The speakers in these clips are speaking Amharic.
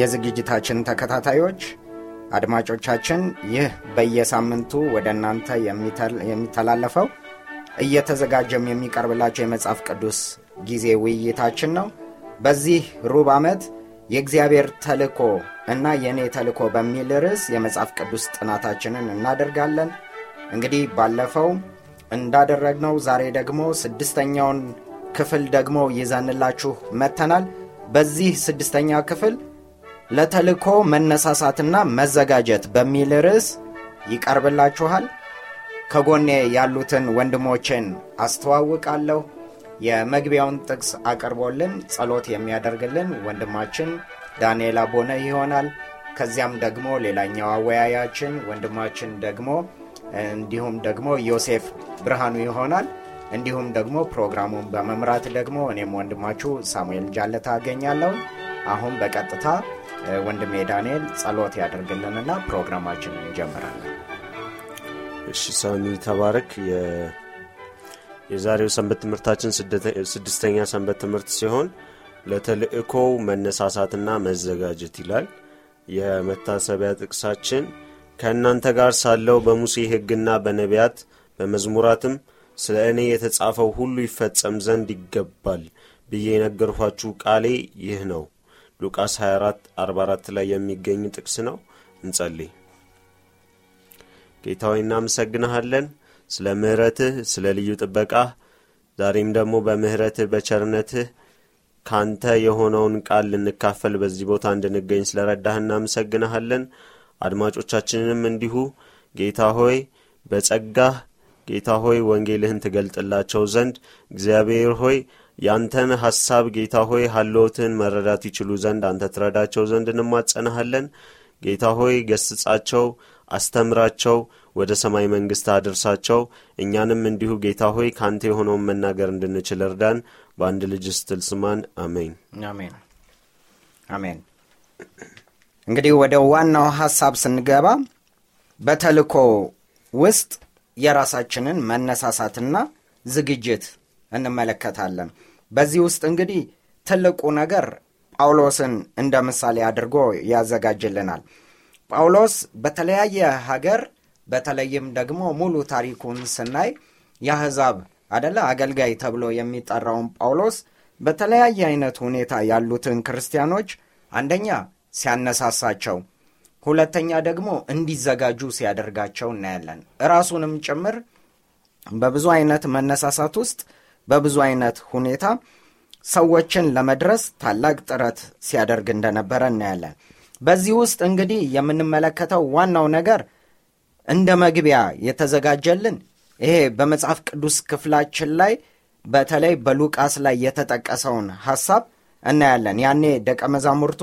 የዝግጅታችን ተከታታዮች አድማጮቻችን፣ ይህ በየሳምንቱ ወደ እናንተ የሚተላለፈው እየተዘጋጀም የሚቀርብላቸው የመጽሐፍ ቅዱስ ጊዜ ውይይታችን ነው። በዚህ ሩብ ዓመት የእግዚአብሔር ተልኮ እና የእኔ ተልኮ በሚል ርዕስ የመጽሐፍ ቅዱስ ጥናታችንን እናደርጋለን። እንግዲህ ባለፈው እንዳደረግነው ዛሬ ደግሞ ስድስተኛውን ክፍል ደግሞ ይዘንላችሁ መተናል። በዚህ ስድስተኛ ክፍል ለተልእኮ መነሳሳትና መዘጋጀት በሚል ርዕስ ይቀርብላችኋል። ከጎኔ ያሉትን ወንድሞችን አስተዋውቃለሁ። የመግቢያውን ጥቅስ አቅርቦልን ጸሎት የሚያደርግልን ወንድማችን ዳንኤል አቦነ ይሆናል። ከዚያም ደግሞ ሌላኛው አወያያችን ወንድማችን ደግሞ እንዲሁም ደግሞ ዮሴፍ ብርሃኑ ይሆናል። እንዲሁም ደግሞ ፕሮግራሙን በመምራት ደግሞ እኔም ወንድማችሁ ሳሙኤል ጃለታ አገኛለሁ። አሁን በቀጥታ ወንድሜ ዳንኤል ጸሎት ያደርግልንና ፕሮግራማችንን እንጀምራለን። እሺ ሳሚ ተባረክ። የዛሬው ሰንበት ትምህርታችን ስድስተኛ ሰንበት ትምህርት ሲሆን ለተልእኮው መነሳሳትና መዘጋጀት ይላል። የመታሰቢያ ጥቅሳችን ከእናንተ ጋር ሳለው በሙሴ ሕግና በነቢያት በመዝሙራትም ስለ እኔ የተጻፈው ሁሉ ይፈጸም ዘንድ ይገባል ብዬ የነገርኋችሁ ቃሌ ይህ ነው ሉቃስ 24 44 ላይ የሚገኝ ጥቅስ ነው። እንጸልይ። ጌታዊ እናመሰግናሃለን ስለ ምሕረትህ፣ ስለ ልዩ ጥበቃህ ዛሬም ደግሞ በምሕረትህ በቸርነትህ ካንተ የሆነውን ቃል ልንካፈል በዚህ ቦታ እንድንገኝ ስለረዳህ እናመሰግናሃለን። አድማጮቻችንንም እንዲሁ ጌታ ሆይ በጸጋህ ጌታ ሆይ ወንጌልህን ትገልጥላቸው ዘንድ እግዚአብሔር ሆይ ያንተን ሐሳብ ጌታ ሆይ ሀልዎትን መረዳት ይችሉ ዘንድ አንተ ትረዳቸው ዘንድ እንማጸናሃለን። ጌታ ሆይ ገስጻቸው፣ አስተምራቸው፣ ወደ ሰማይ መንግሥት አድርሳቸው። እኛንም እንዲሁ ጌታ ሆይ ካንተ የሆነውን መናገር እንድንችል እርዳን። በአንድ ልጅ ስትል ስማን። አሜን አሜን አሜን። እንግዲህ ወደ ዋናው ሐሳብ ስንገባ በተልእኮ ውስጥ የራሳችንን መነሳሳትና ዝግጅት እንመለከታለን። በዚህ ውስጥ እንግዲህ ትልቁ ነገር ጳውሎስን እንደ ምሳሌ አድርጎ ያዘጋጅልናል። ጳውሎስ በተለያየ ሀገር በተለይም ደግሞ ሙሉ ታሪኩን ስናይ የአሕዛብ አደለ አገልጋይ ተብሎ የሚጠራውን ጳውሎስ በተለያየ አይነት ሁኔታ ያሉትን ክርስቲያኖች አንደኛ ሲያነሳሳቸው፣ ሁለተኛ ደግሞ እንዲዘጋጁ ሲያደርጋቸው እናያለን። እራሱንም ጭምር በብዙ አይነት መነሳሳት ውስጥ በብዙ አይነት ሁኔታ ሰዎችን ለመድረስ ታላቅ ጥረት ሲያደርግ እንደነበረ እናያለን። በዚህ ውስጥ እንግዲህ የምንመለከተው ዋናው ነገር እንደ መግቢያ የተዘጋጀልን ይሄ በመጽሐፍ ቅዱስ ክፍላችን ላይ በተለይ በሉቃስ ላይ የተጠቀሰውን ሐሳብ እናያለን። ያኔ ደቀ መዛሙርቱ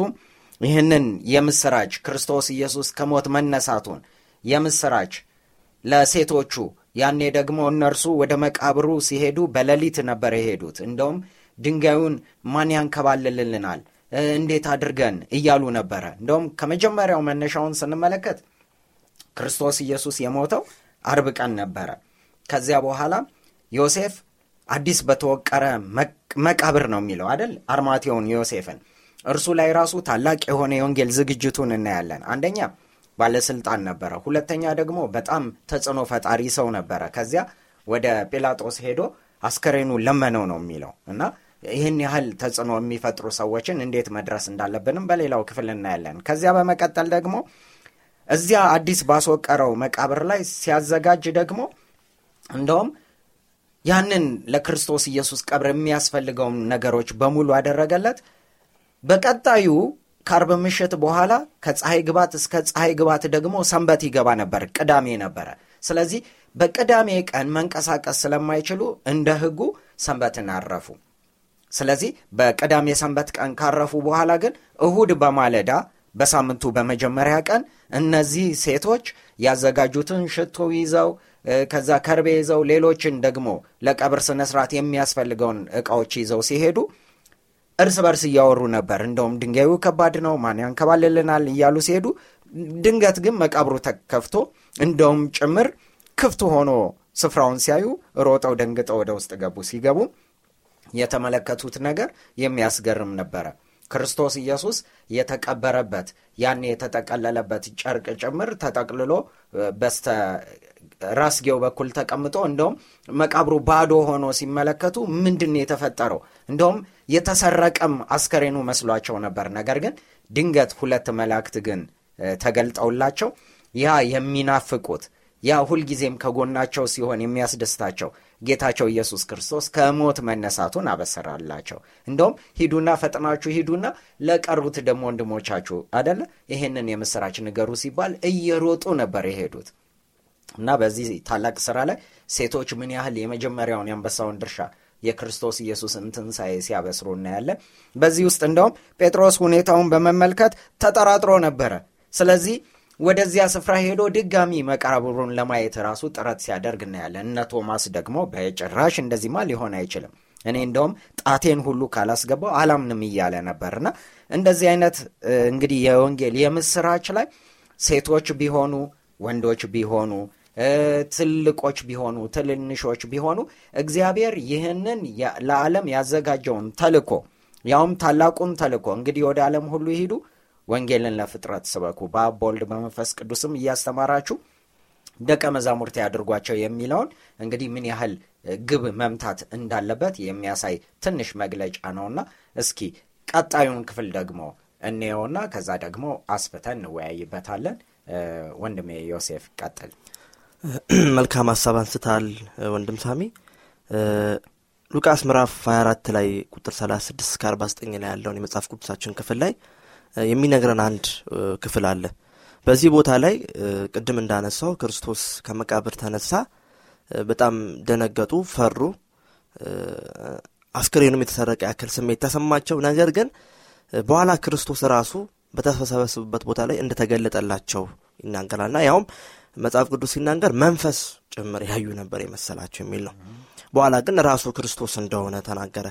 ይህንን የምስራች ክርስቶስ ኢየሱስ ከሞት መነሳቱን የምስራች ለሴቶቹ ያኔ ደግሞ እነርሱ ወደ መቃብሩ ሲሄዱ በሌሊት ነበር የሄዱት። እንደውም ድንጋዩን ማን ያንከባልልልናል እንዴት አድርገን እያሉ ነበረ። እንደውም ከመጀመሪያው መነሻውን ስንመለከት ክርስቶስ ኢየሱስ የሞተው አርብ ቀን ነበረ። ከዚያ በኋላ ዮሴፍ አዲስ በተወቀረ መቃብር ነው የሚለው አደል፣ አርማቴውን ዮሴፍን እርሱ ላይ ራሱ ታላቅ የሆነ የወንጌል ዝግጅቱን እናያለን። አንደኛ ባለስልጣን ነበረ። ሁለተኛ ደግሞ በጣም ተጽዕኖ ፈጣሪ ሰው ነበረ። ከዚያ ወደ ጲላጦስ ሄዶ አስከሬኑ ለመነው ነው የሚለው እና ይህን ያህል ተጽዕኖ የሚፈጥሩ ሰዎችን እንዴት መድረስ እንዳለብንም በሌላው ክፍል እናያለን። ከዚያ በመቀጠል ደግሞ እዚያ አዲስ ባስወቀረው መቃብር ላይ ሲያዘጋጅ ደግሞ እንደውም ያንን ለክርስቶስ ኢየሱስ ቀብር የሚያስፈልገውን ነገሮች በሙሉ አደረገለት። በቀጣዩ ከአርብ ምሽት በኋላ ከፀሐይ ግባት እስከ ፀሐይ ግባት ደግሞ ሰንበት ይገባ ነበር፣ ቅዳሜ ነበረ። ስለዚህ በቅዳሜ ቀን መንቀሳቀስ ስለማይችሉ እንደ ሕጉ ሰንበትን አረፉ። ስለዚህ በቅዳሜ ሰንበት ቀን ካረፉ በኋላ ግን እሁድ በማለዳ በሳምንቱ በመጀመሪያ ቀን እነዚህ ሴቶች ያዘጋጁትን ሽቶ ይዘው ከዛ ከርቤ ይዘው ሌሎችን ደግሞ ለቀብር ስነ ስርዓት የሚያስፈልገውን ዕቃዎች ይዘው ሲሄዱ እርስ በርስ እያወሩ ነበር። እንደውም ድንጋዩ ከባድ ነው፣ ማን ያንከባልልናል እያሉ ሲሄዱ ድንገት ግን መቃብሩ ተከፍቶ እንደውም ጭምር ክፍት ሆኖ ስፍራውን ሲያዩ ሮጠው ደንግጠው ወደ ውስጥ ገቡ። ሲገቡ የተመለከቱት ነገር የሚያስገርም ነበረ። ክርስቶስ ኢየሱስ የተቀበረበት ያን የተጠቀለለበት ጨርቅ ጭምር ተጠቅልሎ በስተ ራስጌው በኩል ተቀምጦ እንደውም መቃብሩ ባዶ ሆኖ ሲመለከቱ ምንድን የተፈጠረው እንደውም የተሰረቀም አስከሬኑ መስሏቸው ነበር። ነገር ግን ድንገት ሁለት መላእክት ግን ተገልጠውላቸው ያ የሚናፍቁት ያ ሁልጊዜም ከጎናቸው ሲሆን የሚያስደስታቸው ጌታቸው ኢየሱስ ክርስቶስ ከሞት መነሳቱን አበሰራላቸው። እንደውም ሂዱና ፈጥናችሁ ሂዱና ለቀሩት ደግሞ ወንድሞቻችሁ አደለ ይሄንን የምስራች ንገሩ ሲባል እየሮጡ ነበር የሄዱት። እና በዚህ ታላቅ ስራ ላይ ሴቶች ምን ያህል የመጀመሪያውን ያንበሳውን ድርሻ የክርስቶስ ኢየሱስን ትንሣኤ ሲያበስሩ እናያለን። በዚህ ውስጥ እንደውም ጴጥሮስ ሁኔታውን በመመልከት ተጠራጥሮ ነበረ። ስለዚህ ወደዚያ ስፍራ ሄዶ ድጋሚ መቃብሩን ለማየት ራሱ ጥረት ሲያደርግ እናያለን። እነ ቶማስ ደግሞ በጭራሽ እንደዚህማ ሊሆን አይችልም፣ እኔ እንደውም ጣቴን ሁሉ ካላስገባው አላምንም እያለ ነበርና እንደዚህ አይነት እንግዲህ የወንጌል የምስራች ላይ ሴቶች ቢሆኑ ወንዶች ቢሆኑ ትልቆች ቢሆኑ ትልንሾች ቢሆኑ እግዚአብሔር ይህንን ለዓለም ያዘጋጀውን ተልኮ ያውም ታላቁን ተልኮ እንግዲህ ወደ ዓለም ሁሉ ይሄዱ ወንጌልን ለፍጥረት ስበኩ በአብ በመንፈስ ቅዱስም እያስተማራችሁ ደቀ መዛሙርት ያድርጓቸው የሚለውን እንግዲህ ምን ያህል ግብ መምታት እንዳለበት የሚያሳይ ትንሽ መግለጫ ነውና እስኪ ቀጣዩን ክፍል ደግሞ እንየውና ከዛ ደግሞ አስፍተን እንወያይበታለን። ወንድሜ ዮሴፍ ቀጥል። መልካም ሀሳብ አንስታል ወንድም ሳሚ ሉቃስ ምዕራፍ 24 ላይ ቁጥር 36 እስከ 49 ላይ ያለውን የመጽሐፍ ቅዱሳችን ክፍል ላይ የሚነግረን አንድ ክፍል አለ በዚህ ቦታ ላይ ቅድም እንዳነሳው ክርስቶስ ከመቃብር ተነሳ በጣም ደነገጡ ፈሩ አስክሬኑም የተሰረቀ ያክል ስሜት ተሰማቸው ነገር ግን በኋላ ክርስቶስ ራሱ በተሰበሰበበት ቦታ ላይ እንደተገለጠላቸው ይናገራልና ያውም መጽሐፍ ቅዱስ ሲናገር መንፈስ ጭምር ያዩ ነበር የመሰላቸው የሚል ነው በኋላ ግን ራሱ ክርስቶስ እንደሆነ ተናገረ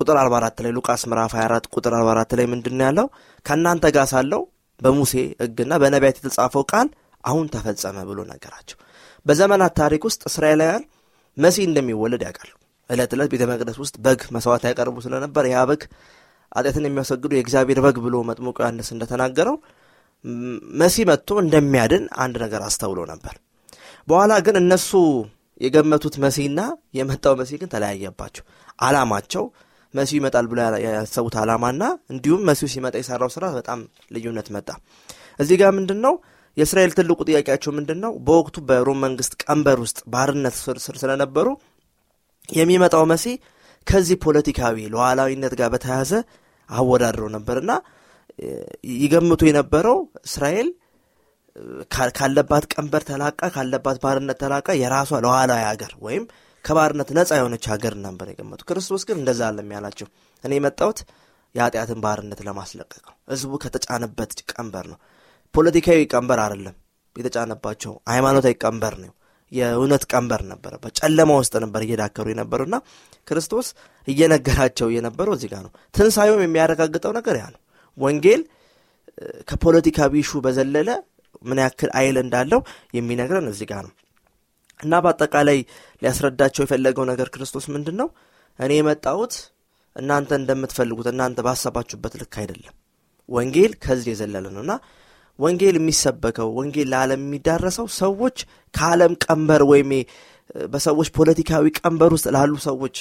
ቁጥር 44 ላይ ሉቃስ ምራፍ 24 ቁጥር 44 ላይ ምንድን ያለው ከእናንተ ጋር ሳለው በሙሴ ህግና በነቢያት የተጻፈው ቃል አሁን ተፈጸመ ብሎ ነገራቸው በዘመናት ታሪክ ውስጥ እስራኤላውያን መሲህ እንደሚወለድ ያውቃሉ ዕለት ዕለት ቤተ መቅደስ ውስጥ በግ መስዋዕት ያቀርቡ ስለነበር ያ በግ ኃጢአትን የሚያሰግዱ የእግዚአብሔር በግ ብሎ መጥሞቅ ዮሐንስ እንደተናገረው መሲ መጥቶ እንደሚያድን አንድ ነገር አስተውሎ ነበር። በኋላ ግን እነሱ የገመቱት መሲና የመጣው መሲ ግን ተለያየባቸው። አላማቸው መሲሁ ይመጣል ብሎ ያሰቡት አላማና እንዲሁም መሲ ሲመጣ የሰራው ስራ በጣም ልዩነት መጣ። እዚህ ጋር ምንድን ነው የእስራኤል ትልቁ ጥያቄያቸው ምንድን ነው? በወቅቱ በሮም መንግስት ቀንበር ውስጥ ባርነት ስር ስለነበሩ የሚመጣው መሲ ከዚህ ፖለቲካዊ ለዋላዊነት ጋር በተያዘ አወዳድረው ነበርና ይገምቱ የነበረው እስራኤል ካለባት ቀንበር ተላቃ ካለባት ባርነት ተላቃ የራሷ ለኋላዊ ሀገር ወይም ከባርነት ነጻ የሆነች ሀገር ነበር የገመቱ። ክርስቶስ ግን እንደዛ አለም ያላቸው እኔ የመጣሁት የአጢአትን ባርነት ለማስለቀቅ ነው። ህዝቡ ከተጫነበት ቀንበር ነው። ፖለቲካዊ ቀንበር አይደለም የተጫነባቸው፣ ሃይማኖታዊ ቀንበር ነው። የእውነት ቀንበር ነበረ። በጨለማ ውስጥ ነበር እየዳከሩ የነበሩና ክርስቶስ እየነገራቸው የነበረው እዚህ ጋር ነው። ትንሣኤውም የሚያረጋግጠው ነገር ያ ነው። ወንጌል ከፖለቲካዊ ቢሹ በዘለለ ምን ያክል አይል እንዳለው የሚነግረን እዚህ ጋር ነው እና በአጠቃላይ ሊያስረዳቸው የፈለገው ነገር ክርስቶስ ምንድን ነው እኔ የመጣሁት እናንተ እንደምትፈልጉት እናንተ ባሰባችሁበት ልክ አይደለም ወንጌል ከዚህ የዘለለ ነው እና ወንጌል የሚሰበከው ወንጌል ለዓለም የሚዳረሰው ሰዎች ከዓለም ቀንበር ወይም በሰዎች ፖለቲካዊ ቀንበር ውስጥ ላሉ ሰዎች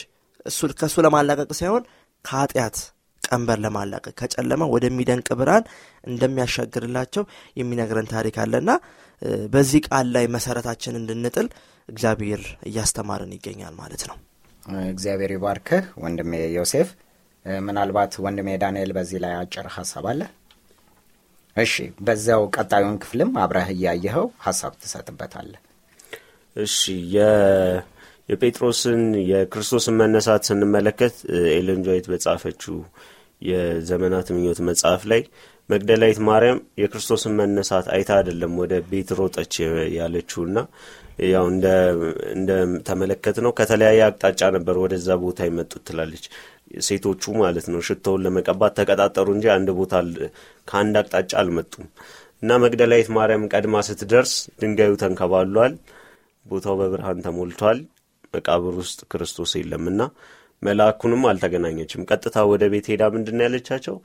እሱ ከእሱ ለማላቀቅ ሳይሆን ከኃጢአት ቀንበር ለማላቀቅ ከጨለማ ወደሚደንቅ ብርሃን እንደሚያሻግርላቸው የሚነግረን ታሪክ አለና በዚህ ቃል ላይ መሰረታችን እንድንጥል እግዚአብሔር እያስተማርን ይገኛል ማለት ነው እግዚአብሔር ይባርክህ ወንድሜ ዮሴፍ ምናልባት ወንድሜ ዳንኤል በዚህ ላይ አጭር ሀሳብ አለ እሺ በዚያው ቀጣዩን ክፍልም አብረህ እያየኸው ሀሳብ ትሰጥበታለህ እሺ የጴጥሮስን የክርስቶስን መነሳት ስንመለከት ኤለንጆይት በጻፈችው የዘመናት ምኞት መጽሐፍ ላይ መግደላዊት ማርያም የክርስቶስን መነሳት አይታ አይደለም ወደ ቤት ሮጠች ያለችውና ያው እንደ ተመለከት ነው ከተለያየ አቅጣጫ ነበር ወደዛ ቦታ ይመጡት ትላለች። ሴቶቹ ማለት ነው ሽቶውን ለመቀባት ተቀጣጠሩ እንጂ አንድ ቦታ ከአንድ አቅጣጫ አልመጡም። እና መግደላዊት ማርያም ቀድማ ስትደርስ ድንጋዩ ተንከባሏል፣ ቦታው በብርሃን ተሞልቷል፣ መቃብር ውስጥ ክርስቶስ የለምና መልአኩንም አልተገናኘችም። ቀጥታ ወደ ቤት ሄዳ ምንድን ያለቻቸው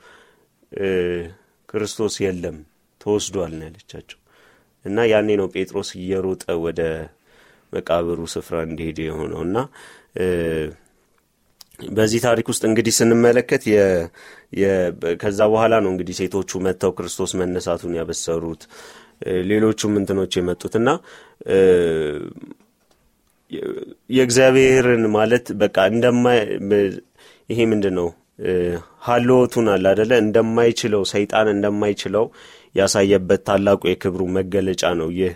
ክርስቶስ የለም ተወስዷል ነው ያለቻቸው። እና ያኔ ነው ጴጥሮስ እየሮጠ ወደ መቃብሩ ስፍራ እንዲሄድ የሆነው እና በዚህ ታሪክ ውስጥ እንግዲህ ስንመለከት ከዛ በኋላ ነው እንግዲህ ሴቶቹ መጥተው ክርስቶስ መነሳቱን ያበሰሩት ሌሎቹም እንትኖች የመጡት እና የእግዚአብሔርን ማለት በቃ እንደማ ይሄ ምንድን ነው ሀልወቱን አለ አደለ እንደማይችለው ሰይጣን እንደማይችለው ያሳየበት ታላቁ የክብሩ መገለጫ ነው ይህ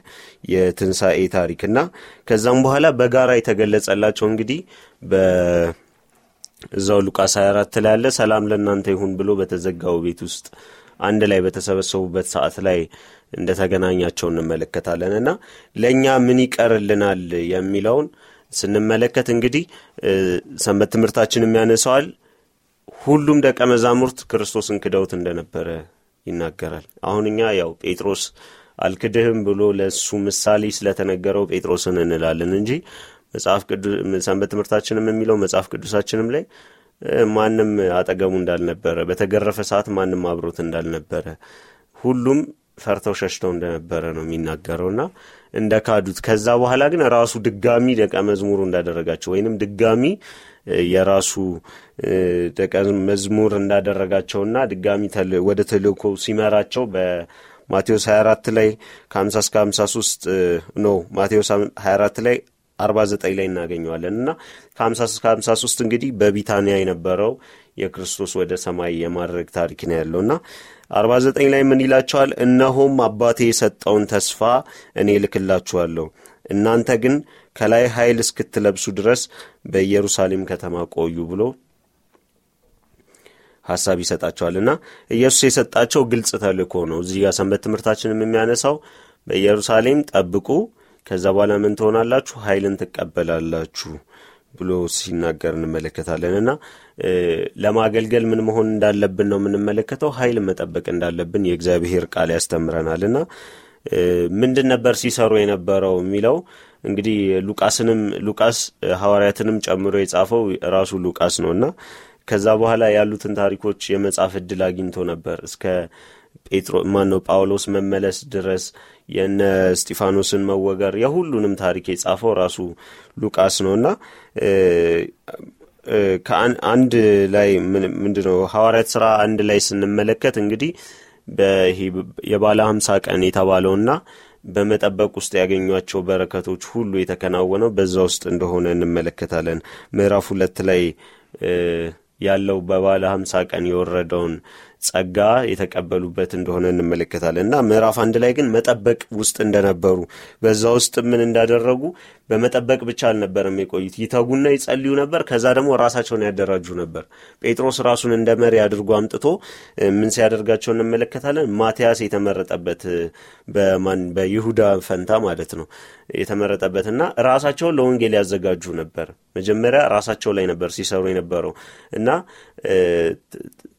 የትንሣኤ ታሪክ እና ከዛም በኋላ በጋራ የተገለጸላቸው እንግዲህ በእዛው ሉቃስ 24 ላይ ያለ ሰላም ለእናንተ ይሁን ብሎ በተዘጋው ቤት ውስጥ አንድ ላይ በተሰበሰቡበት ሰዓት ላይ እንደተገናኛቸው እንመለከታለን እና ለእኛ ምን ይቀርልናል የሚለውን ስንመለከት እንግዲህ ሰንበት ትምህርታችንም ያነሰዋል። ሁሉም ደቀ መዛሙርት ክርስቶስን ክደውት እንደነበረ ይናገራል። አሁን እኛ ያው ጴጥሮስ አልክድህም ብሎ ለእሱ ምሳሌ ስለተነገረው ጴጥሮስን እንላለን እንጂ መጽሐፍ ሰንበት ትምህርታችንም የሚለው መጽሐፍ ቅዱሳችንም ላይ ማንም አጠገቡ እንዳልነበረ፣ በተገረፈ ሰዓት ማንም አብሮት እንዳልነበረ ሁሉም ፈርተው ሸሽተው እንደነበረ ነው ና እንደ ካዱት ከዛ በኋላ ግን ራሱ ድጋሚ ደቀ መዝሙሩ እንዳደረጋቸው ወይንም ድጋሚ የራሱ ደቀ መዝሙር እንዳደረጋቸውና ድጋሚ ወደ ተልእኮ ሲመራቸው በማቴዎስ 24 ላይ ከ50 እስከ 53 ነው ማቴዎስ 24 ላይ 49 ላይ እናገኘዋለን እና ከ50 እስከ 53 እንግዲህ በቢታንያ የነበረው የክርስቶስ ወደ ሰማይ የማድረግ ታሪክ ነው ያለው እና ዘጠኝ ላይ ምን ይላቸዋል? እነሆም አባቴ የሰጠውን ተስፋ እኔ ልክላችኋለሁ እናንተ ግን ከላይ ኃይል እስክትለብሱ ድረስ በኢየሩሳሌም ከተማ ቆዩ ብሎ ሀሳብ ይሰጣቸዋልና ኢየሱስ የሰጣቸው ግልጽ ተልእኮ ነው። እዚህ ጋር ሰንበት ትምህርታችንም የሚያነሳው በኢየሩሳሌም ጠብቁ፣ ከዛ በኋላ ምን ትሆናላችሁ? ኃይልን ትቀበላላችሁ ብሎ ሲናገር እንመለከታለን። እና ለማገልገል ምን መሆን እንዳለብን ነው የምንመለከተው። ኃይል መጠበቅ እንዳለብን የእግዚአብሔር ቃል ያስተምረናል። እና ምንድን ነበር ሲሰሩ የነበረው የሚለው እንግዲህ ሉቃስንም ሉቃስ ሐዋርያትንም ጨምሮ የጻፈው ራሱ ሉቃስ ነው እና ከዛ በኋላ ያሉትን ታሪኮች የመጻፍ እድል አግኝቶ ነበር እስከ ጴጥሮ ነው ጳውሎስ መመለስ ድረስ የነ ስጢፋኖስን መወገር የሁሉንም ታሪክ የጻፈው ራሱ ሉቃስ ነው እና አንድ ላይ ምንድነው ሐዋርያት ስራ አንድ ላይ ስንመለከት እንግዲህ የባለ ሀምሳ ቀን የተባለውና በመጠበቅ ውስጥ ያገኟቸው በረከቶች ሁሉ የተከናወነው በዛ ውስጥ እንደሆነ እንመለከታለን። ምዕራፍ ሁለት ላይ ያለው በባለ ሀምሳ ቀን የወረደውን ጸጋ የተቀበሉበት እንደሆነ እንመለከታለን እና ምዕራፍ አንድ ላይ ግን መጠበቅ ውስጥ እንደነበሩ በዛ ውስጥ ምን እንዳደረጉ በመጠበቅ ብቻ አልነበረም የቆዩት። ይተጉና ይጸልዩ ነበር። ከዛ ደግሞ ራሳቸውን ያደራጁ ነበር። ጴጥሮስ ራሱን እንደ መሪ አድርጎ አምጥቶ ምን ሲያደርጋቸው እንመለከታለን። ማቲያስ የተመረጠበት በማን በይሁዳ ፈንታ ማለት ነው የተመረጠበትና ራሳቸውን ለወንጌል ያዘጋጁ ነበር። መጀመሪያ ራሳቸው ላይ ነበር ሲሰሩ የነበረው እና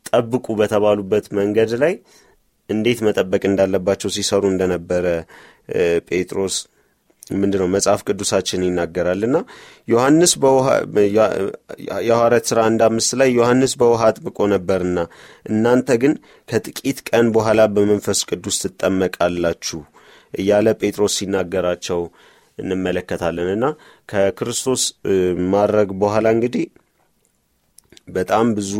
ጠብቁ በተባሉበት መንገድ ላይ እንዴት መጠበቅ እንዳለባቸው ሲሰሩ እንደነበረ ጴጥሮስ ምንድነው ነው መጽሐፍ ቅዱሳችን ይናገራል እና ዮሐንስ የሐዋርያት ሥራ አንድ አምስት ላይ ዮሐንስ በውሃ አጥብቆ ነበርና እናንተ ግን ከጥቂት ቀን በኋላ በመንፈስ ቅዱስ ትጠመቃላችሁ እያለ ጴጥሮስ ሲናገራቸው እንመለከታለን እና ከክርስቶስ ማድረግ በኋላ እንግዲህ በጣም ብዙ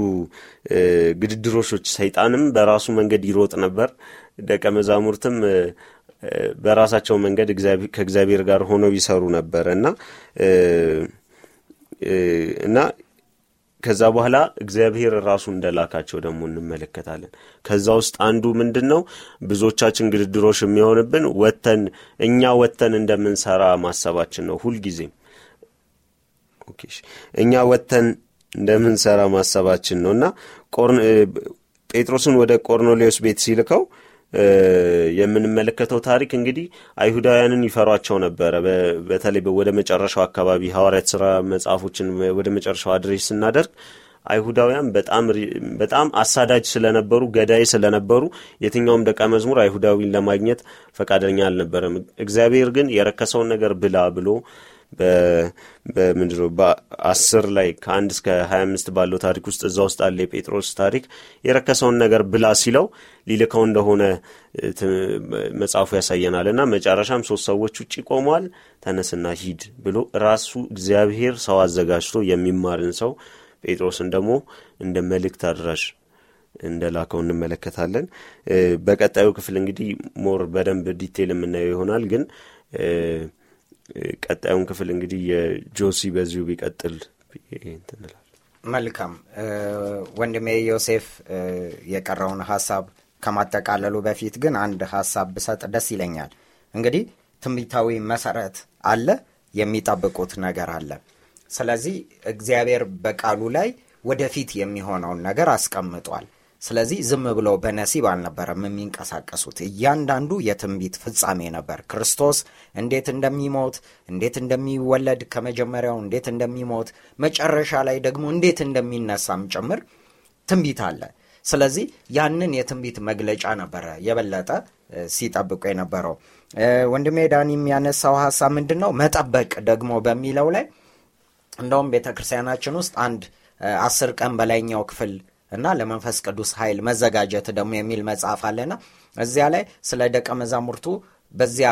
ግድድሮሾች፣ ሰይጣንም በራሱ መንገድ ይሮጥ ነበር። ደቀ መዛሙርትም በራሳቸው መንገድ ከእግዚአብሔር ጋር ሆነው ይሰሩ ነበር እና እና ከዛ በኋላ እግዚአብሔር ራሱ እንደላካቸው ደግሞ እንመለከታለን። ከዛ ውስጥ አንዱ ምንድን ነው ብዙዎቻችን ግድድሮሽ የሚሆንብን ወተን እኛ ወተን እንደምንሰራ ማሰባችን ነው ሁልጊዜም እኛ ወተን እንደምንሰራ ማሰባችን ነው እና ጴጥሮስን ወደ ቆርኔሌዎስ ቤት ሲልከው የምንመለከተው ታሪክ እንግዲህ አይሁዳውያንን ይፈሯቸው ነበረ። በተለይ ወደ መጨረሻው አካባቢ ሐዋርያት ስራ መጽሐፎችን ወደ መጨረሻው አድሬስ ስናደርግ አይሁዳውያን በጣም አሳዳጅ ስለነበሩ፣ ገዳይ ስለነበሩ የትኛውም ደቀ መዝሙር አይሁዳዊን ለማግኘት ፈቃደኛ አልነበረም። እግዚአብሔር ግን የረከሰውን ነገር ብላ ብሎ በምንድሮ በአስር ላይ ከአንድ እስከ ሀያ አምስት ባለው ታሪክ ውስጥ እዛ ውስጥ አለ የጴጥሮስ ታሪክ የረከሰውን ነገር ብላ ሲለው ሊልከው እንደሆነ መጽሐፉ ያሳየናል እና መጨረሻም ሶስት ሰዎች ውጭ ቆመዋል ተነስና ሂድ ብሎ ራሱ እግዚአብሔር ሰው አዘጋጅቶ የሚማርን ሰው ጴጥሮስን ደግሞ እንደ መልእክት አድራሽ እንደላከው እንመለከታለን። በቀጣዩ ክፍል እንግዲህ ሞር በደንብ ዲቴል የምናየው ይሆናል ግን ቀጣዩን ክፍል እንግዲህ የጆሲ በዚሁ ቢቀጥል ትንላል። መልካም ወንድሜ ዮሴፍ የቀረውን ሀሳብ ከማጠቃለሉ በፊት ግን አንድ ሀሳብ ብሰጥ ደስ ይለኛል። እንግዲህ ትንቢታዊ መሰረት አለ፣ የሚጠብቁት ነገር አለ። ስለዚህ እግዚአብሔር በቃሉ ላይ ወደፊት የሚሆነውን ነገር አስቀምጧል። ስለዚህ ዝም ብለው በነሲብ አልነበረም የሚንቀሳቀሱት። እያንዳንዱ የትንቢት ፍጻሜ ነበር። ክርስቶስ እንዴት እንደሚሞት፣ እንዴት እንደሚወለድ፣ ከመጀመሪያው እንዴት እንደሚሞት፣ መጨረሻ ላይ ደግሞ እንዴት እንደሚነሳም ጭምር ትንቢት አለ። ስለዚህ ያንን የትንቢት መግለጫ ነበረ የበለጠ ሲጠብቁ የነበረው። ወንድሜ ዳኒ የሚያነሳው ሀሳብ ምንድን ነው? መጠበቅ ደግሞ በሚለው ላይ እንደውም ቤተክርስቲያናችን ውስጥ አንድ አስር ቀን በላይኛው ክፍል እና ለመንፈስ ቅዱስ ኃይል መዘጋጀት ደግሞ የሚል መጽሐፍ አለና እዚያ ላይ ስለ ደቀ መዛሙርቱ በዚያ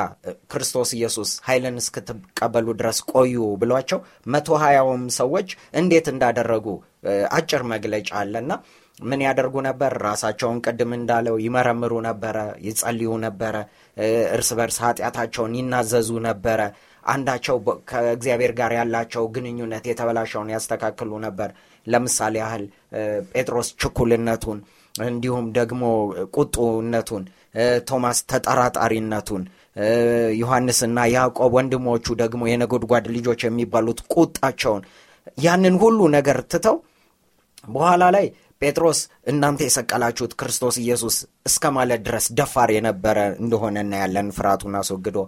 ክርስቶስ ኢየሱስ ኃይልን እስክትቀበሉ ድረስ ቆዩ ብሏቸው መቶ ሀያውም ሰዎች እንዴት እንዳደረጉ አጭር መግለጫ አለና ምን ያደርጉ ነበር? ራሳቸውን ቅድም እንዳለው ይመረምሩ ነበረ፣ ይጸልዩ ነበረ፣ እርስ በርስ ኃጢአታቸውን ይናዘዙ ነበረ። አንዳቸው ከእግዚአብሔር ጋር ያላቸው ግንኙነት የተበላሸውን ያስተካክሉ ነበር። ለምሳሌ ያህል ጴጥሮስ ችኩልነቱን እንዲሁም ደግሞ ቁጡነቱን፣ ቶማስ ተጠራጣሪነቱን፣ ዮሐንስና ያዕቆብ ወንድሞቹ ደግሞ የነጎድጓድ ልጆች የሚባሉት ቁጣቸውን ያንን ሁሉ ነገር ትተው በኋላ ላይ ጴጥሮስ እናንተ የሰቀላችሁት ክርስቶስ ኢየሱስ እስከ ማለት ድረስ ደፋር የነበረ እንደሆነ እናያለን። ፍርሃቱን አስወግዶ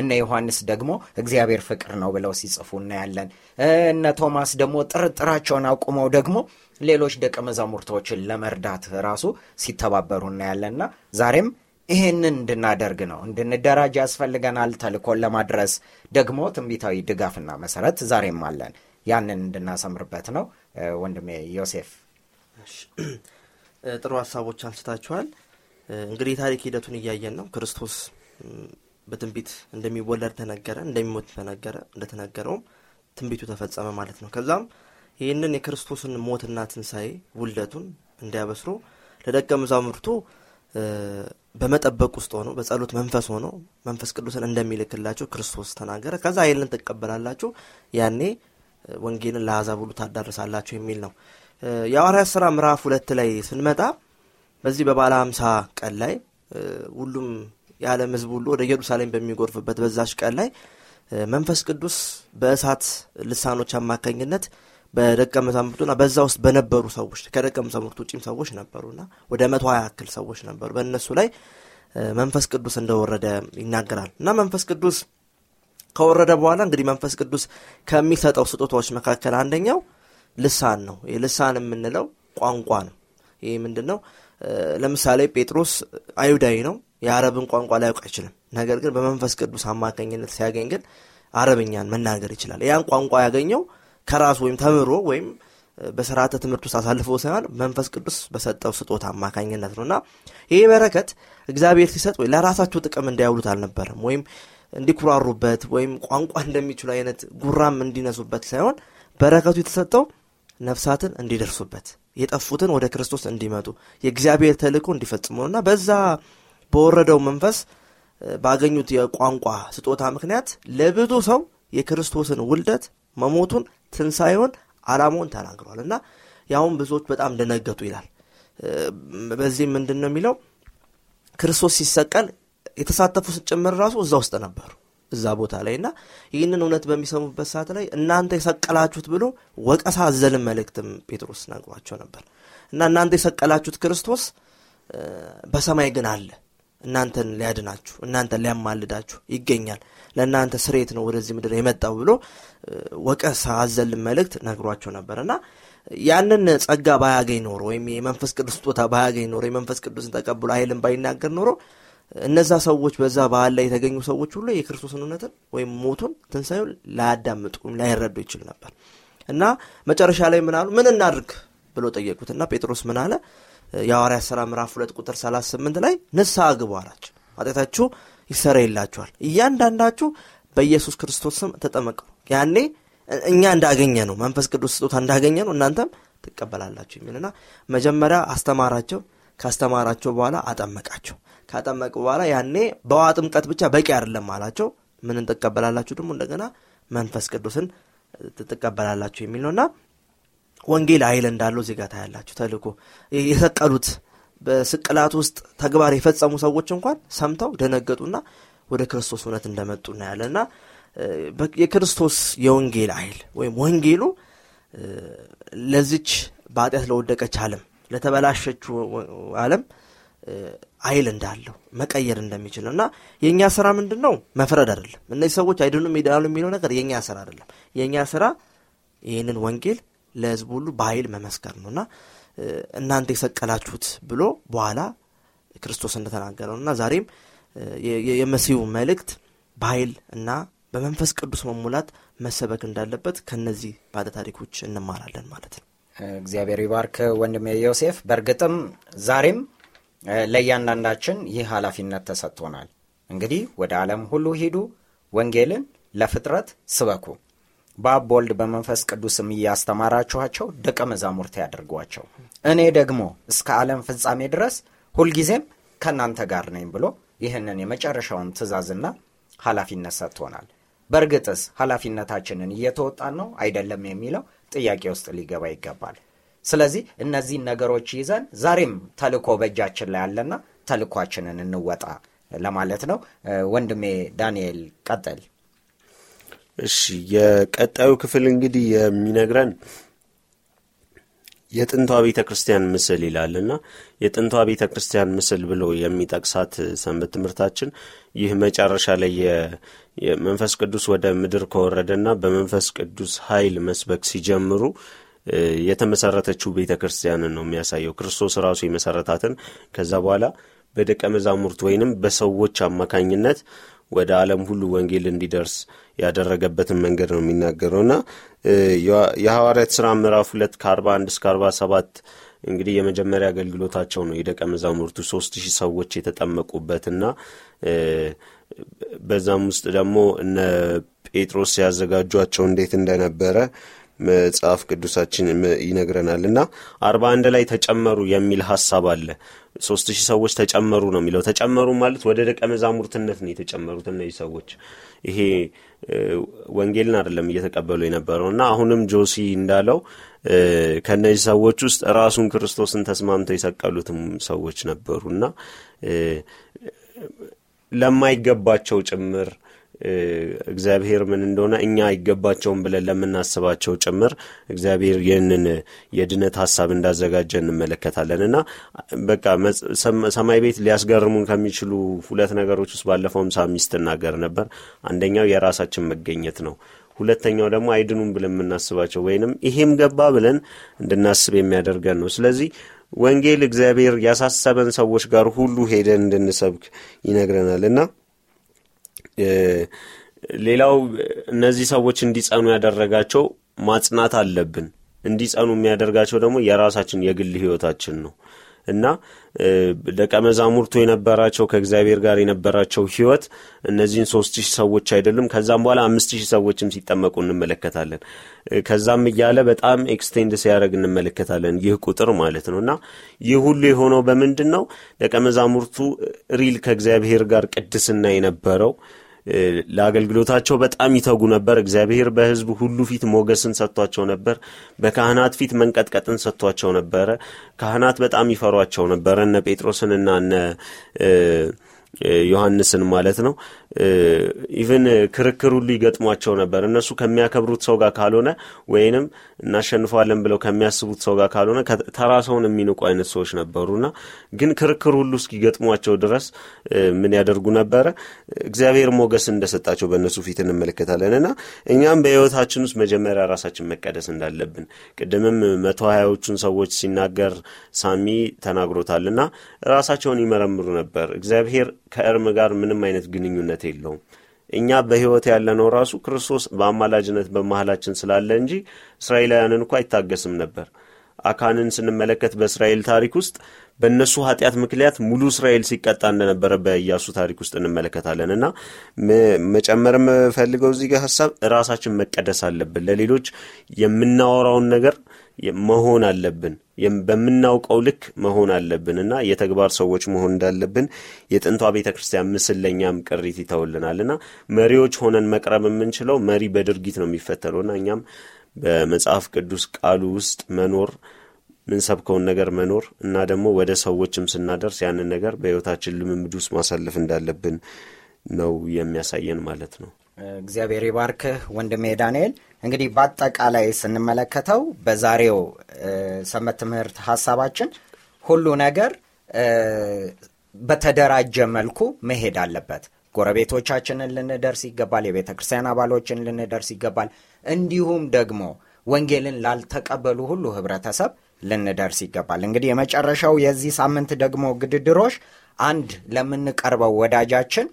እነ ዮሐንስ ደግሞ እግዚአብሔር ፍቅር ነው ብለው ሲጽፉ እናያለን። እነ ቶማስ ደግሞ ጥርጥራቸውን አቁመው ደግሞ ሌሎች ደቀ መዛሙርቶችን ለመርዳት ራሱ ሲተባበሩ እናያለንና ዛሬም ይህንን እንድናደርግ ነው። እንድንደራጅ ያስፈልገናል። ተልኮን ለማድረስ ደግሞ ትንቢታዊ ድጋፍና መሰረት ዛሬም አለን። ያንን እንድናሰምርበት ነው። ወንድሜ ዮሴፍ ጥሩ ሀሳቦች አንስታችኋል። እንግዲህ የታሪክ ሂደቱን እያየን ነው። ክርስቶስ በትንቢት እንደሚወለድ ተነገረ፣ እንደሚሞት ተነገረ። እንደተነገረውም ትንቢቱ ተፈጸመ ማለት ነው። ከዛም ይህንን የክርስቶስን ሞትና ትንሣኤ ውልደቱን እንዲያበስሩ ለደቀ መዛሙርቱ በመጠበቅ ውስጥ ሆኖ በጸሎት መንፈስ ሆኖ መንፈስ ቅዱስን እንደሚልክላቸው ክርስቶስ ተናገረ። ከዛ ኃይልን ትቀበላላችሁ፣ ያኔ ወንጌልን ለአዛብ ሁሉ ታዳርሳላችሁ የሚል ነው። የአዋርያ ስራ ምዕራፍ ሁለት ላይ ስንመጣ በዚህ በባለ ሀምሳ ቀን ላይ ሁሉም የዓለም ህዝብ ሁሉ ወደ ኢየሩሳሌም በሚጎርፍበት በዛች ቀን ላይ መንፈስ ቅዱስ በእሳት ልሳኖች አማካኝነት በደቀ መዛሙርቱና በዛ ውስጥ በነበሩ ሰዎች ከደቀ መዛሙርቱ ውጭም ሰዎች ነበሩና ወደ መቶ ሀያ ያክል ሰዎች ነበሩ በእነሱ ላይ መንፈስ ቅዱስ እንደወረደ ይናገራል እና መንፈስ ቅዱስ ከወረደ በኋላ እንግዲህ መንፈስ ቅዱስ ከሚሰጠው ስጦታዎች መካከል አንደኛው ልሳን ነው ልሳን የምንለው ቋንቋ ነው ይህ ምንድን ነው ለምሳሌ ጴጥሮስ አይሁዳዊ ነው የአረብን ቋንቋ ላያውቅ አይችልም ነገር ግን በመንፈስ ቅዱስ አማካኝነት ሲያገኝ ግን አረብኛን መናገር ይችላል ያን ቋንቋ ያገኘው ከራሱ ወይም ተምሮ ወይም በስርዓተ ትምህርት ውስጥ አሳልፎ ሳይሆን መንፈስ ቅዱስ በሰጠው ስጦታ አማካኝነት ነው እና ይህ በረከት እግዚአብሔር ሲሰጥ ወይ ለራሳቸው ጥቅም እንዳያውሉት አልነበረም ወይም እንዲኩራሩበት ወይም ቋንቋ እንደሚችሉ አይነት ጉራም እንዲነሱበት ሳይሆን በረከቱ የተሰጠው ነፍሳትን እንዲደርሱበት የጠፉትን ወደ ክርስቶስ እንዲመጡ የእግዚአብሔር ተልእኮ እንዲፈጽሙ ነውና በዛ በወረደው መንፈስ ባገኙት የቋንቋ ስጦታ ምክንያት ለብዙ ሰው የክርስቶስን ውልደት መሞቱን ትንሣኤውን አላማውን ተናግሯል እና ያሁን ብዙዎች በጣም ደነገጡ ይላል በዚህም ምንድን ነው የሚለው ክርስቶስ ሲሰቀል የተሳተፉ ጭምር ራሱ እዛ ውስጥ ነበሩ እዛ ቦታ ላይ እና ይህንን እውነት በሚሰሙበት ሰዓት ላይ እናንተ የሰቀላችሁት ብሎ ወቀሳ አዘልን መልእክትም ጴጥሮስ ነግሯቸው ነበር እና እናንተ የሰቀላችሁት ክርስቶስ በሰማይ ግን አለ እናንተን ሊያድናችሁ እናንተን ሊያማልዳችሁ ይገኛል ለእናንተ ስሬት ነው ወደዚህ ምድር የመጣው ብሎ ወቀሳ አዘልን መልእክት ነግሯቸው ነበር እና ያንን ጸጋ ባያገኝ ኖሮ ወይም የመንፈስ ቅዱስ ጦታ ባያገኝ ኖሮ የመንፈስ ቅዱስን ተቀብሎ ኃይልን ባይናገር ኖሮ እነዛ ሰዎች በዛ በዓል ላይ የተገኙ ሰዎች ሁሉ የክርስቶስን እውነትን ወይም ሞቱን ትንሣኤውን ላያዳምጡ ላይረዱ ይችል ነበር እና መጨረሻ ላይ ምናሉ ምን እናድርግ ብሎ ጠየቁትና ጴጥሮስ ምን አለ የሐዋርያ ሥራ ምዕራፍ ሁለት ቁጥር 38 ላይ ንስሐ ግቡ አላቸው ኃጢአታችሁ ይሰረይላችኋል እያንዳንዳችሁ በኢየሱስ ክርስቶስ ስም ተጠመቁ ያኔ እኛ እንዳገኘ ነው መንፈስ ቅዱስ ስጦታ እንዳገኘ ነው እናንተም ትቀበላላችሁ የሚልና መጀመሪያ አስተማራቸው ካስተማራቸው በኋላ አጠመቃቸው ካጠመቅ በኋላ ያኔ በዋ ጥምቀት ብቻ በቂ አይደለም አላቸው። ምን ትቀበላላችሁ? ደግሞ እንደገና መንፈስ ቅዱስን ትቀበላላችሁ የሚል እና ወንጌል አይል እንዳለው ዜጋ ታያላችሁ። ተልኮ የሰቀሉት በስቅላት ውስጥ ተግባር የፈጸሙ ሰዎች እንኳን ሰምተው ደነገጡና ወደ ክርስቶስ እውነት እንደመጡ እና የክርስቶስ የወንጌል አይል ወይም ወንጌሉ ለዚች በአጢአት ለወደቀች አለም ለተበላሸችው አለም አይል እንዳለው መቀየር እንደሚችል ነው እና የእኛ ስራ ምንድን ነው መፍረድ አይደለም እነዚህ ሰዎች አይድኑም ይድናሉ የሚለው ነገር የእኛ ስራ አይደለም የእኛ ስራ ይህንን ወንጌል ለህዝቡ ሁሉ በኃይል መመስከር ነው እና እናንተ የሰቀላችሁት ብሎ በኋላ ክርስቶስ እንደተናገረው እና ዛሬም የመሲሁ መልእክት በኃይል እና በመንፈስ ቅዱስ መሙላት መሰበክ እንዳለበት ከነዚህ ባለ ታሪኮች እንማራለን ማለት ነው እግዚአብሔር ይባርክ ወንድሜ ዮሴፍ በእርግጥም ዛሬም ለእያንዳንዳችን ይህ ኃላፊነት ተሰጥቶናል። እንግዲህ ወደ ዓለም ሁሉ ሂዱ፣ ወንጌልን ለፍጥረት ስበኩ፣ በአብ በመንፈስ ቅዱስም እያስተማራችኋቸው ደቀ መዛሙርት ያደርጓቸው፣ እኔ ደግሞ እስከ ዓለም ፍጻሜ ድረስ ሁልጊዜም ከእናንተ ጋር ነኝ ብሎ ይህንን የመጨረሻውን ትእዛዝና ኃላፊነት ሰጥቶናል። በእርግጥስ ኃላፊነታችንን እየተወጣን ነው አይደለም የሚለው ጥያቄ ውስጥ ሊገባ ይገባል። ስለዚህ እነዚህን ነገሮች ይዘን ዛሬም ተልኮ በእጃችን ላይ አለና ተልኳችንን እንወጣ ለማለት ነው። ወንድሜ ዳንኤል ቀጠል። እሺ፣ የቀጣዩ ክፍል እንግዲህ የሚነግረን የጥንቷ ቤተ ክርስቲያን ምስል ይላልና የጥንቷ ቤተ ክርስቲያን ምስል ብሎ የሚጠቅሳት ሰንበት ትምህርታችን ይህ መጨረሻ ላይ መንፈስ ቅዱስ ወደ ምድር ከወረደና በመንፈስ ቅዱስ ኃይል መስበክ ሲጀምሩ የተመሰረተችው ቤተ ክርስቲያንን ነው የሚያሳየው። ክርስቶስ ራሱ የመሰረታትን ከዛ በኋላ በደቀ መዛሙርት ወይንም በሰዎች አማካኝነት ወደ ዓለም ሁሉ ወንጌል እንዲደርስ ያደረገበትን መንገድ ነው ና የሐዋርያት ሥራ ምዕራፍ ሁለት ከ41 እስከ 47 እንግዲህ የመጀመሪያ አገልግሎታቸው ነው። የደቀ መዛሙርቱ ሶስት ሺህ ሰዎች የተጠመቁበትና በዛም ውስጥ ደግሞ እነ ጴጥሮስ ያዘጋጇቸው እንዴት እንደነበረ መጽሐፍ ቅዱሳችን ይነግረናል እና አርባ አንድ ላይ ተጨመሩ የሚል ሀሳብ አለ። ሶስት ሺህ ሰዎች ተጨመሩ ነው የሚለው። ተጨመሩ ማለት ወደ ደቀ መዛሙርትነት ነው የተጨመሩት እነዚህ ሰዎች። ይሄ ወንጌልን አደለም እየተቀበሉ የነበረው እና አሁንም ጆሲ እንዳለው ከእነዚህ ሰዎች ውስጥ ራሱን ክርስቶስን ተስማምተው የሰቀሉትም ሰዎች ነበሩ እና ለማይገባቸው ጭምር እግዚአብሔር ምን እንደሆነ እኛ አይገባቸውም ብለን ለምናስባቸው ጭምር እግዚአብሔር ይህንን የድነት ሀሳብ እንዳዘጋጀ እንመለከታለን እና በቃ ሰማይ ቤት ሊያስገርሙን ከሚችሉ ሁለት ነገሮች ውስጥ ባለፈውም ሳሚስ ትናገር ነበር። አንደኛው የራሳችን መገኘት ነው። ሁለተኛው ደግሞ አይድኑም ብለን የምናስባቸው ወይንም ይሄም ገባ ብለን እንድናስብ የሚያደርገን ነው። ስለዚህ ወንጌል እግዚአብሔር ያሳሰበን ሰዎች ጋር ሁሉ ሄደን እንድንሰብክ ይነግረናል እና ሌላው እነዚህ ሰዎች እንዲጸኑ ያደረጋቸው ማጽናት አለብን። እንዲጸኑ የሚያደርጋቸው ደግሞ የራሳችን የግል ህይወታችን ነው እና ደቀ መዛሙርቱ የነበራቸው ከእግዚአብሔር ጋር የነበራቸው ህይወት እነዚህን ሶስት ሺህ ሰዎች አይደሉም ከዛም በኋላ አምስት ሺህ ሰዎችም ሲጠመቁ እንመለከታለን። ከዛም እያለ በጣም ኤክስቴንድ ሲያደርግ እንመለከታለን ይህ ቁጥር ማለት ነው እና ይህ ሁሉ የሆነው በምንድን ነው? ደቀ መዛሙርቱ ሪል ከእግዚአብሔር ጋር ቅድስና የነበረው ለአገልግሎታቸው በጣም ይተጉ ነበር። እግዚአብሔር በሕዝብ ሁሉ ፊት ሞገስን ሰጥቷቸው ነበር። በካህናት ፊት መንቀጥቀጥን ሰጥቷቸው ነበረ። ካህናት በጣም ይፈሯቸው ነበረ እነ ጴጥሮስንና እነ ዮሐንስን ማለት ነው። ኢቨን ክርክር ሁሉ ይገጥሟቸው ነበር። እነሱ ከሚያከብሩት ሰው ጋር ካልሆነ ወይንም እናሸንፈዋለን ብለው ከሚያስቡት ሰው ጋር ካልሆነ ተራ ሰውን የሚንቁ አይነት ሰዎች ነበሩና ግን ክርክር ሁሉ እስኪገጥሟቸው ድረስ ምን ያደርጉ ነበረ? እግዚአብሔር ሞገስ እንደሰጣቸው በእነሱ ፊት እንመለከታለን። እና እኛም በህይወታችን ውስጥ መጀመሪያ ራሳችን መቀደስ እንዳለብን ቅድምም መቶ ሀያዎቹን ሰዎች ሲናገር ሳሚ ተናግሮታል። እና ራሳቸውን ይመረምሩ ነበር። እግዚአብሔር ከእርም ጋር ምንም አይነት ግንኙነት የለውም። እኛ በሕይወት ያለነው ራሱ ክርስቶስ በአማላጅነት በመሃላችን ስላለ እንጂ እስራኤላውያንን እንኳ አይታገስም ነበር። አካንን ስንመለከት በእስራኤል ታሪክ ውስጥ በእነሱ ኃጢአት ምክንያት ሙሉ እስራኤል ሲቀጣ እንደነበረ በኢያሱ ታሪክ ውስጥ እንመለከታለን። እና መጨመር የምፈልገው እዚህ ጋር ሀሳብ ራሳችን መቀደስ አለብን። ለሌሎች የምናወራውን ነገር መሆን አለብን። በምናውቀው ልክ መሆን አለብን እና የተግባር ሰዎች መሆን እንዳለብን የጥንቷ ቤተ ክርስቲያን ምስል ለእኛም ቅሪት ይተውልናል እና መሪዎች ሆነን መቅረብ የምንችለው መሪ በድርጊት ነው የሚፈተለው እና እኛም በመጽሐፍ ቅዱስ ቃሉ ውስጥ መኖር ምንሰብከውን ነገር መኖር እና ደግሞ ወደ ሰዎችም ስናደርስ ያንን ነገር በህይወታችን ልምምድ ውስጥ ማሳለፍ እንዳለብን ነው የሚያሳየን ማለት ነው። እግዚአብሔር ባርክህ ወንድሜ ዳንኤል። እንግዲህ በአጠቃላይ ስንመለከተው በዛሬው ሰንበት ትምህርት ሀሳባችን ሁሉ ነገር በተደራጀ መልኩ መሄድ አለበት። ጎረቤቶቻችንን ልንደርስ ይገባል። የቤተ ክርስቲያን አባሎችን ልንደርስ ይገባል። እንዲሁም ደግሞ ወንጌልን ላልተቀበሉ ሁሉ ህብረተሰብ ልንደርስ ይገባል። እንግዲህ የመጨረሻው የዚህ ሳምንት ደግሞ ግድድሮች አንድ ለምንቀርበው ወዳጃችን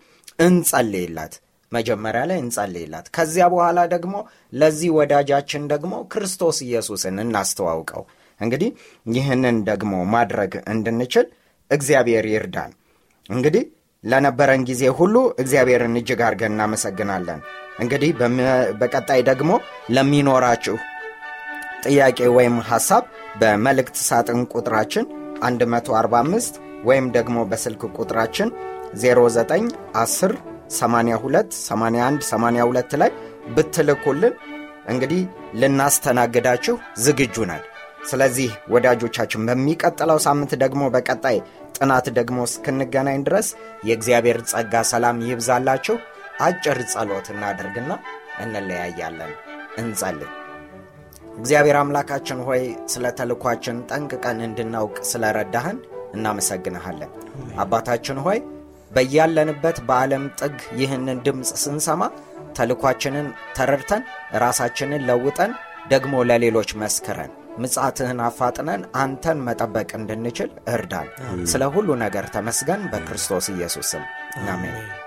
እንጸልይለት መጀመሪያ ላይ እንጸልይላት። ከዚያ በኋላ ደግሞ ለዚህ ወዳጃችን ደግሞ ክርስቶስ ኢየሱስን እናስተዋውቀው። እንግዲህ ይህንን ደግሞ ማድረግ እንድንችል እግዚአብሔር ይርዳን። እንግዲህ ለነበረን ጊዜ ሁሉ እግዚአብሔርን እጅግ አድርገን እናመሰግናለን። እንግዲህ በቀጣይ ደግሞ ለሚኖራችሁ ጥያቄ ወይም ሐሳብ በመልእክት ሳጥን ቁጥራችን 145 ወይም ደግሞ በስልክ ቁጥራችን 0910 82 81 82 ላይ ብትልኩልን እንግዲህ ልናስተናግዳችሁ ዝግጁ ናል። ስለዚህ ወዳጆቻችን በሚቀጥለው ሳምንት ደግሞ በቀጣይ ጥናት ደግሞ እስክንገናኝ ድረስ የእግዚአብሔር ጸጋ ሰላም ይብዛላችሁ። አጭር ጸሎት እናደርግና እንለያያለን። እንጸልይ። እግዚአብሔር አምላካችን ሆይ ስለ ተልኳችን ጠንቅቀን እንድናውቅ ስለረዳህን እናመሰግንሃለን። አባታችን ሆይ በያለንበት በዓለም ጥግ ይህንን ድምፅ ስንሰማ ተልኳችንን ተረድተን ራሳችንን ለውጠን ደግሞ ለሌሎች መስክረን ምጻትህን አፋጥነን አንተን መጠበቅ እንድንችል እርዳን። ስለ ሁሉ ነገር ተመስገን በክርስቶስ ኢየሱስም አሜን።